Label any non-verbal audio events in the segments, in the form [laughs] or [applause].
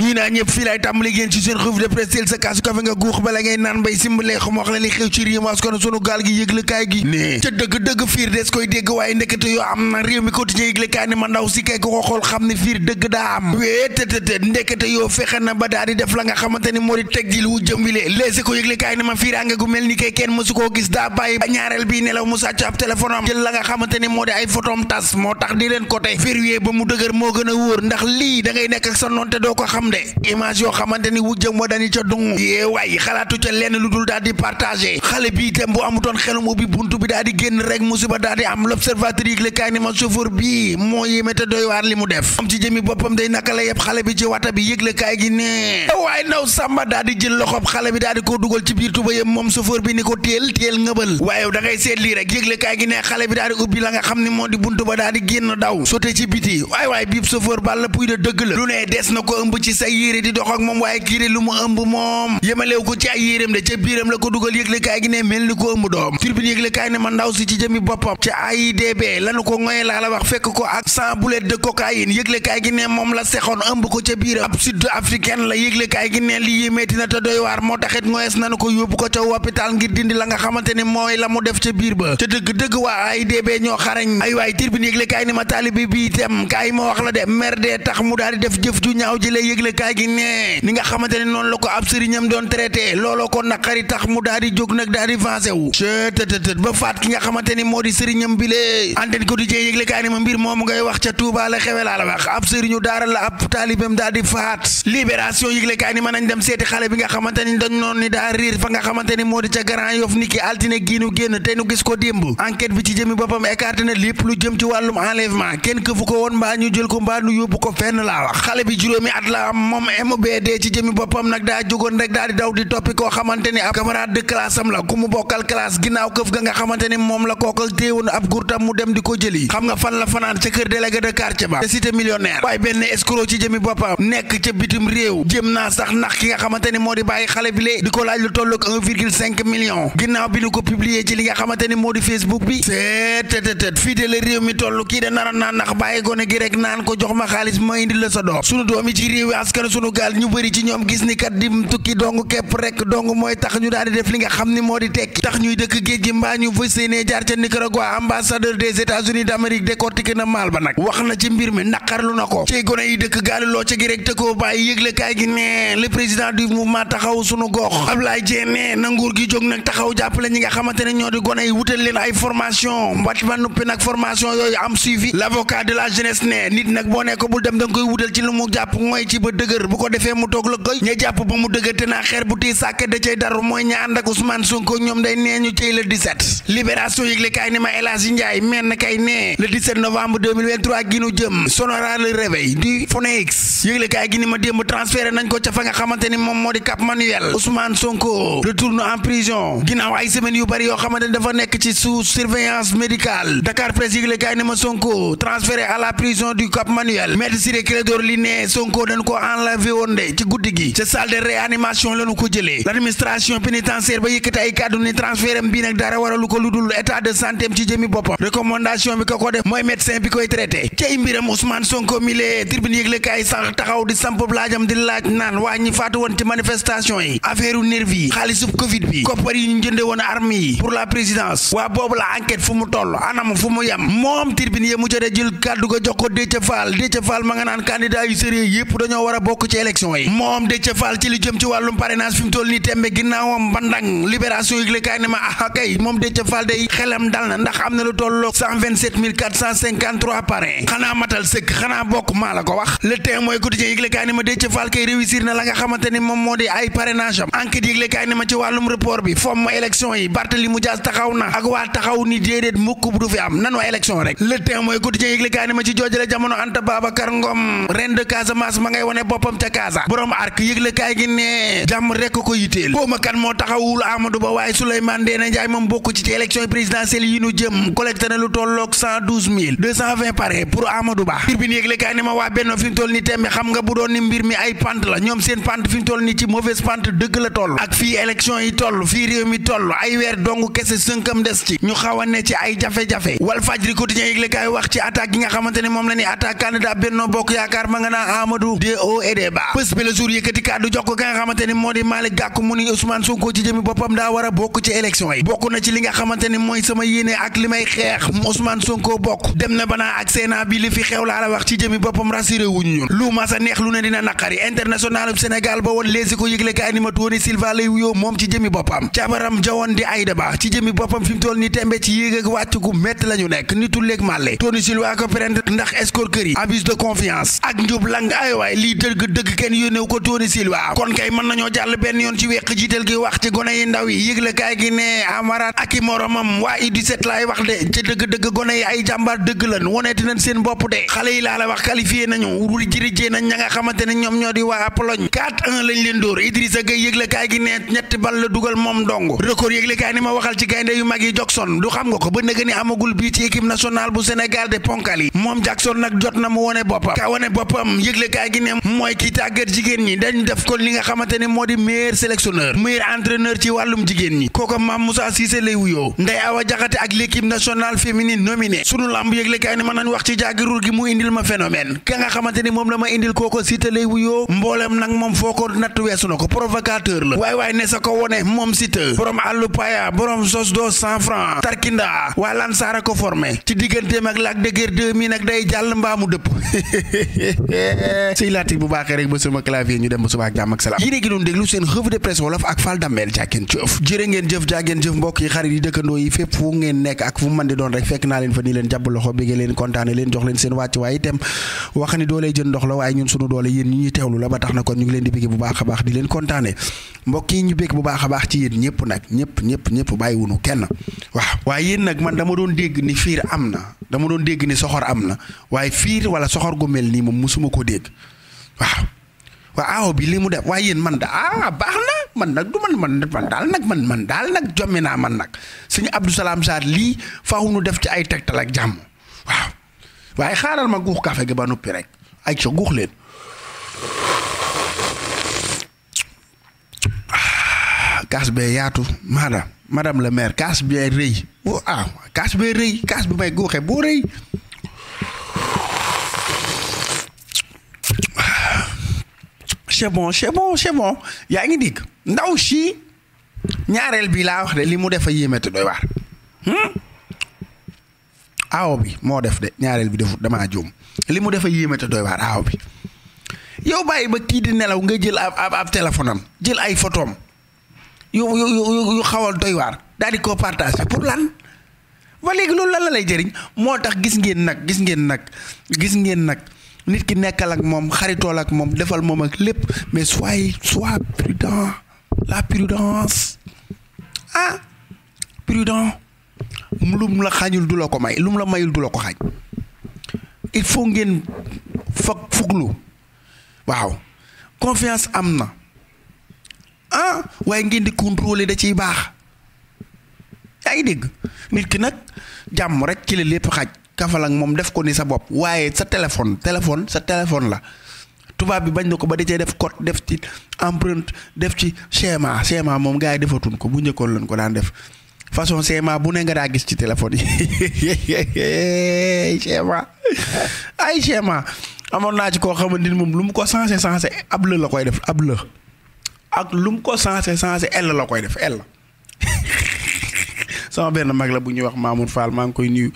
nuy naa ñëpp fii laay tàmbali génn ci seen revue de presse sa kaasu kafe nga guux bala ngay naan bay simbalee xam wax la li xew ci réew mi askan ne ca na réew mi quotidien ko xool xam ne fiir dëgg daa am wéetétété ndekete yoo fexe na ba daal di def la nga xamante moo di teg ji lu jëm wi léegi ko yëglekaay ne ma fiiraange gu mel ni kay kenn koo gis daa bàyyi ba ñaareel bii nelaw mu sàcc ab téléphone jël la nga xamante moo di ay photom tas moo tax di am de image yoo xamante ni wujjëm wa dañu ca dung yee waay xalaatu ca lenn lu dul daal di xale bi itam bu amutoon xelum ubbi buntu bi daal génn rek musiba daal am l'observateur xale bi ci wata bi yëgle gi ne waaye ndaw sàmba daal jël loxob xale bi daal ko dugal ci biir tubayam moom chauffeur bi ni ko téel téel ngëbal waaye da ngay seet lii rek yëgle kaay gi ne xale bi daal di ubbi la nga xam ni moo di buntu ba daal génn daw sote ci biti waay gis ay di dox ak moom waaye kii lu mu ëmb moom yemalew ko ci ay yéreem de ca biiram la ko dugal yëglekaay gi ne mel ni ko ëmb doom turbine yëglekaay ne ma ndaw si ci jëmi boppam ci AIBD lanu ko ngoye laa la wax fekk ko ak 100 boulettes de cocaïne yëglekaay gi ne moom la sexoon ëmb ko ca biiram ab sud africaine la yëglekaay gi ne li yémeeti na te doy waar moo taxit ngoyes nanu ko yóbbu ko ca hôpital ngir dindi la nga xamante ni mooy la mu def ca biir ba ca dëgg dëgg waa AIBD ñoo ay waay turbine yëglekaay ne ma taalibi bi itam kaay ma wax la de mer de tax mu daal di def jëf ju ñaaw ji lay yëgle kaay gi nee ni nga xamante ne noonu la ko ab sëriñam doon traité looloo ko naqari tax mu daal di jóg nag daal di nga xamante moo di sëriñam bi lee antenne quotidien yëgle kaay ni ma nañ dem seeti xale bi nga xamante dañ noon daa riir fa nga xamante moo di ca Grand Yoff niki altine gii génn te nu gis ko démb enquête bi ci jëmi boppam écarté na lépp lu jëm ci wàllum enlèvement kenn këfu ko woon mbaa ñu jël ko mbaa nu yóbbu ko fenn laa wax xale bi juróomi am moom MBD ci jëmi boppam nag daa jógoon rek daa di daw di toppi koo xamante ni ab camarade de classe la ku mu bokkal classe ginnaaw këf ga nga xamante moom la kooka téewoon ab gurtam mu dem di ko jëli xam nga fan la fanaan ca kër délégué de quartier ba te cité millionnaire waaye benn escroc ci jëmi boppam nekk ca bitim réew jëm naa sax nax ki nga xamante ni moo di bàyyi xale bi lee di ko laaj lu tolloog 1,5 million ginnaaw bi ko publier ci li nga xamante ni moo di Facebook bi seetetetet fii de mi toll kii de nara naa nax bàyyi gone gi rek naan ko jox ma xaalis ma indi la askan sunu gaal ñu bëri ci ñoom gis ni kat di tukki dong képp rek dong mooy tax ñu daal di def li nga xam ni moo di tekki tax ñuy dëkk géej gi mbaa ñu fas yéenee jaar ca Nicaragua ambassadeur des États-Unis d'Amérique décortiqué na maal ba nag wax na ci mbir mi naqarlu na ko ci gone yi dëkk gaal loo ca gi rek te koo yëgle kaay gi ne le président du mouvement taxaw sunu gox Ablaye Dieng ne na nguur gi jóg nag taxaw jàppale ñi nga xamante ne ñoo di gone yi wutal leen ay formation mbat ma formation yooyu am suivi l'avocat de la boo ne ko bul dem danga koy wutal ci lu mu jàpp ba dëgër bu ko defee mu toog la koy ña jàpp ba mu dëgër te naa xeer bu tii sàkke da cay daru mooy ña ànd ak Sonko ñoom day nee ñu cay le 17 libération yëgle kay ni ma démb transféré nañ ko ca nga xamante ni moom moo di Cap Manuel Ousmane Sonko retourne en prison ginnaaw ay semaines yu bari yoo xamante ni dafa nekk ci sous surveillance médicale Dakar Presse yëgle kaay ni ma Sonko transféré à la prison du Cap Manuel maître Ciré Clédor Ly ne enlevé woon de ci guddi gi ca salle réanimation lañu ko jëlee l'administration pénitentiaire ba yëkkati ay kàddu ni transfert bi nag dara waralu ko lu dul état de santé ci jëmi boppam recommandation bi ka ko def mooy médecin bi koy traité cay mbiram Ousmane Sonko mile tribune yëgle kaay sax taxaw di samp laajam di laaj naan waa ñi faatu woon ci manifestation yi affaire nervi yi xaalisub covid bi koppar yi ñu woon arme yi pour la présidence war a bokk ci élection yi moom Déthié Fall ci li jëm ci wàllum parrainage fi toll nii tembe ginnaawam bandang libération yëgle kaay ma ah kay moom Déthié Fall day xelam dal na ndax am na lu tolloo 127 xanaa matal sëkk xanaa bokk maa la ko wax le temps mooy quotidien yëgle kaay ma Déthié Fall kay réussir na la nga xamante moom moo di ay parrainage am enquête yëgle kaay ma ci wàllum report bi fomm élection yi Barthélémy Dias taxaw na ak waa taxaw ni wane boppam ca Kaasa borom arc yëgle kaay gi ne jàmm rek ko yitteel xawma kan moo taxawul Amadou Ba waaye Souleymane Ndéné Ndiaye moom bokk ci ci élection présidentielle yi ñu jëm collecté na lu tolloog cent douze mille deux pour Amadou Ba mbir bi ni ma waa Benno fi toll ni tembe xam nga bu doon ni mbir mi ay pant la ñoom seen pant fi toll ni ci mauvaise pant dëgg la toll ak fii élection yi toll fii réew mi toll ay weer dong kese sënkam des ci ñu xaw a ne ay jafe-jafe Walf Fadjri quotidien yëgle kaay wax ci attaque gi nga xamante moom la ni hauts et des bas bés bi la jour yëkkati kàddu jox ko ka nga xamante ni moo di Malick Gakou mu ni Ousmane Sonko ci jëmi boppam daa war a bokk ci élection yi bokk na ci li nga xamante mooy sama yéene ak li may xeex Ousmane Sonko bokk dem na banaa ak Sénat bi li fi xew laa la wax ci jëmi boppam rassuré wuñu ñun lu ma sa neex lu ne dina naqari international Sénégal ba woon léegi ko yëgle ka animat woon Silva lay wuyoo moom ci jëmi boppam jabaram jawoon di Aïda Ba ci mu toll ni tembe ci yéeg ak wàcc gu la ñu nekk ni tulleeg màlle Tony Silva ko lii dëgg-dëgg kenn yónneew ko Tony Silva kon kay mën nañoo jàll benn yoon ci weq jiital gi wax ci gone yi ndaw yi yëgle kaay gi ne Amara ak i moromam laay wax de dëgg-dëgg gone yi ay jàmbaar dëgg lan woneeti nañ seen bopp de xale yi laa la wax qualifié nañu wurul jirijee nañ ña nga xamante ne ñoom ñoo di waa Pologne 4-1 lañ leen dóor Idrissa Gueye yëgle kaay gi ne ñetti bal la dugal moom dong record yëgle kaay ni ma waxal ci gaynde yu mag yi Jackson du xam nga ko ba nëgë ni amagul bii ci équipe nationale bu Sénégal de ponkal yi moom Jackson nag jot na mu wone boppam ka mooy ki tàggat jigéen ñi dañ def ko li nga xamante ne moo di meilleur sélectionneur meilleur entraîneur ci wàllum jigéen ñi kooko Mame Moussa Cissé lay wuyoo Ndeye Awa Diakhaté ak l'équipe nationale féminine nominée sunu lamb yëglekaay ne mën nañ wax ci jaagiruur gi mu indil ma phénomène ka nga xamante ni moom la ma indil kooko Cissé lay wuyoo mboolem nag moom foo ko natt weesu na ko provocateur la waay waay ne sa ko wone moom Cissé borom àllu paya borom sos dos cent franc tarkinda waa Lansara ko formé ci digganteem ak Lac de Guiers nag day jàll mbaamu dëpp [laughs] pratique bu baaxee rek ba sama clavier ñu dem ba suba ak jàmm ak salaam yéen a ngi doon déglu seen revue de presse wolof ak Fall Damel jàkkeen jëf jërë ngeen jëf jàkkeen jëf mbokk yi xarit yi dëkkandoo yi fépp fu ngeen nekk ak fu mën di doon rek fekk naa leen fa nii leen jàpp loxo bégee leen kontaane leen jox leen seen wàcc waaye itam wax ni doolee jën ndox la waaye ñun sunu doole yéen ñi ñuy teewlu la ba tax na kon ñu leen di bégee bu baax a baax di leen kontaane mbokk ñu bég am na dama doon dégg ni soxor am na waaye fiir wala soxor gu mel waaw waaw aaw bi li mu def waaye yéen man da ah baax na man nag du man man daal nag man man daal nag jommi naa man nag suñu Abdou Salam Sarr lii faaw nu def ci ay tegtal ak jàmm waaw waaye xaaral ma guux café gi ba noppi rek ay sa guux leen ah, kaas bee yaatu madame madame le maire kaas bee rëy oh, ah, kaas bee rëy kaas bi may guuxee boo rëy c'est bon c'est yaa ngi dikk ndaw si ñaareel bi laa wax de li mu def a yéemeete doy hmm? aaw bi moo def de ñaareel bi defut damaa juum li mu def a yéemeete doy aaw bi yow bàyyi ba kii di nelaw nga jël ab ab téléphone jël ay photoom yu yu yu yu xawal doy waar di ko partager pour lan ba léegi loolu lan la lay jëriñ moo tax gis ngeen nag gis ngeen nag gis ngeen nag. nit ki nekkal ak moom xaritool ak moom defal moom ak lépp mais sois sois prudent la prudence ah prudent lu mu la xañul du la ko may lu mu la mayul du la ko xañ il faut ngeen fag fuglu waaw confiance am na ah waaye ngeen di contrôler da ciy baax yaa dégg nit ki nag jàmm rek ci la lépp xaj kafal moom def ko ni sa bopp waaye sa téléphone téléphone sa téléphone la tubaab bi bañ na ko ba da cee def code def ci empreinte def ci schéma schéma moom gars yi defatun ko bu njëkkoon lañ ko daan def façon schéma bu ne nga daa gis ci téléphone yi [laughs] schéma ay schéma amoon naa ci koo xamante ni moom lu mu ko sensé sensé ab la la koy def ab la ak lu mu ko sensé sensé ell la koy def ell [laughs] sama benn mag la bu ñuy wax Mamour Fall maa ngi koy nuyu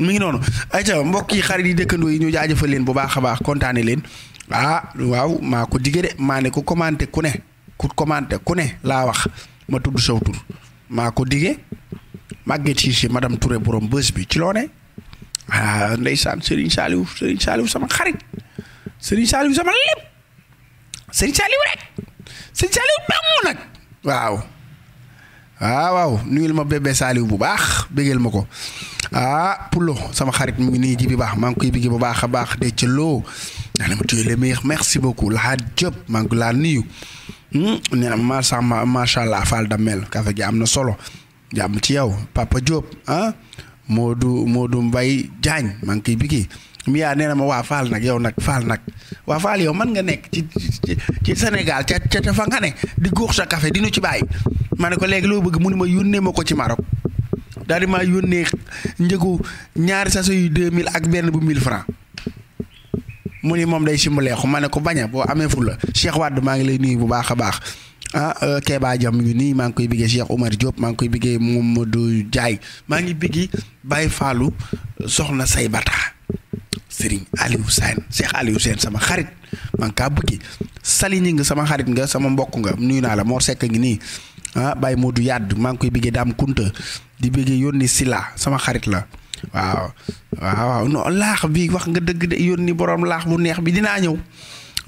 mi ngi noonu ayca mbokk yi xarit yi dëkkandoo yi ñu jaajëfal leen bu baax a baax kontaane leen ah, waaw maa ko digge de maa ne ku commenté ku ne ku commenté ku ne laa wax ma tudd saw tur maa ko digge Maguette Cissé madam ture borom bës bi ci loo ne ah ndeysaan Serigne Saliou Serigne Saliou sama xarit Serigne Saliou sama lépp Serigne Saliou rek Serigne Saliou dong nag waaw. ah waaw nuyul ma bébé saaliw bu baax béggeel ma ko ah Poulo sama xarit mu ngi nii ji bi baax maa ngi koy biggi bu baax a baax de ca loo daa ne ma tuyee le meilleur merci beaucoup nuyu hmm? nee macha allah Fall Damel kafe gi am na solo jàmm ci yow Papa Diop ah Modou Modou Mbaye Diagne maa ngi koy biggi Mia nee na ma waa Fall nag yow nag Fall nag waa Fall yow mën nga nekk ci ci Sénégal ca ca fa nga ne di góox sa kafe di nu ci bàyyi. ma ne ko léegi loo bëgg mu ne ma yónnee ma ko ci Maroc daal di maa yónnee njëgu ñaari sachet yu 2000 ak benn bu mil francs mu ni moom day simbuleexu ma ne ko baña boo amee fula Cheikh wadd maa ngi lay nuyu bu baax a baax ah euh, Kéba Jam mi ngi nii maa ngi koy biggee Cheikh Omar Diop maa ngi koy biggee Momadou Diaye maa ngi biggi bàyyi Fallou soxna say bata Serigne Aliou Sène Cheikh Aliou Sène sama xarit maa ngi kaa bëggi sali ñi nga sama xarit nga sama mbokk nga nuyu naa la Mor Seck ngi nii ah Baye Modou Yàdd maa ngi koy bëggee Daam Kunta di bëggee yónni Sila sama xarit la waaw waaw waaw non laax bi wax nga dëgg de yónni borom laax bu neex bi dinaa ñëw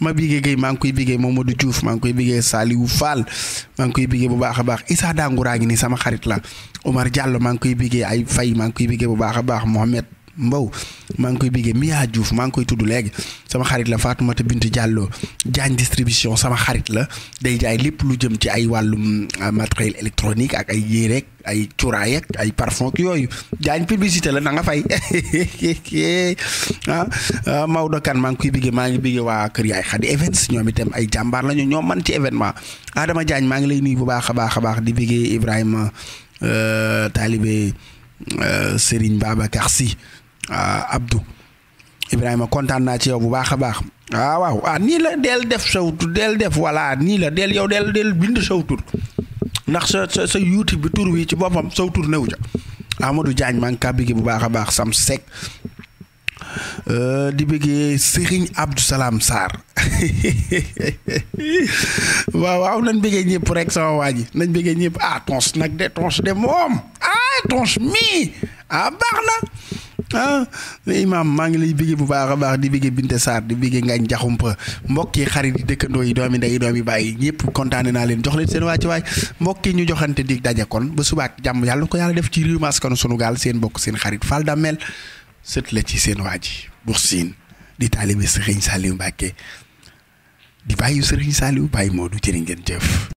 ma biggee Guèye maa ngi koy biggee Mamadou Diouf maa ngi koy biggee Saliou Fall maa ngi koy biggee bu baax a baax Issa raa ngi nii sama xarit la Omar Diallo maa ngi koy biggee ay fay maa ngi koy biggee bu baax a baax Mohamed mbaw maa ngi koy biggee Mia Diouf maa ngi koy tudd léegi sama xarit la Fatoumata Bintu Diallo Diagne distribution sama xarit la day jaay lépp lu jëm ci ay wàllum euh, matériel électronique ak ay yéreek ay cuuraay ak ay parfum yooyu Diagne publicité la na nga fay [laughs] ah euh, Maodo Kane maa ngi koy biggee maa ngi biggee waa Kër Yaay Khady Events ñoom itam ay jàmbaar lañu ñu ñoom man ci événement Adama Diagne maa ngi lay nuyu bu baax a baax a baax di biggee Ibrahima euh, taalibe Serigne Babacar Sy Ah, Abdou Ibrahima kontaan naa ci yow bu baax a baax ah waaw ah, nii la del def sawtu del def voilà nii la del yow del del bind sawtur ndax sa sa sa bi tur wii ci boppam sawtur newu ca Amadou Diagne maa ngi kàbbi gi bu baax a baax Sam Seck euh, di bëggee Serigne Abdou Salam [laughs] waaw waaw nañ bëggee ñëpp rek sama waa ji nañ bëggee ñëpp ah tons nag de tons de moom ah tons mii ah baax na ah mais imaam maa ngi lay bégee bu baax a baax di bégee Binte Sarr di bégee Ngañ Jaxumpa mbokk yi xarit yi dëkkandoo yi doomi ndey doomi bàyyi ñëpp kontaane naa leen jox leen seen waaj ci waay mbokk yi ñu joxante di daje kon ba subaak jàmm yàlla ko yàlla def ci réew mi askanu sunu gaal seen bokk seen xarit Fall Damel sët la ci seen waaj ji Buur Siin di taalibe Sëriñ Saliou Mbàkke di bàyyi Sëriñ Saliou bàyyi Moodu jëri ngeen jëf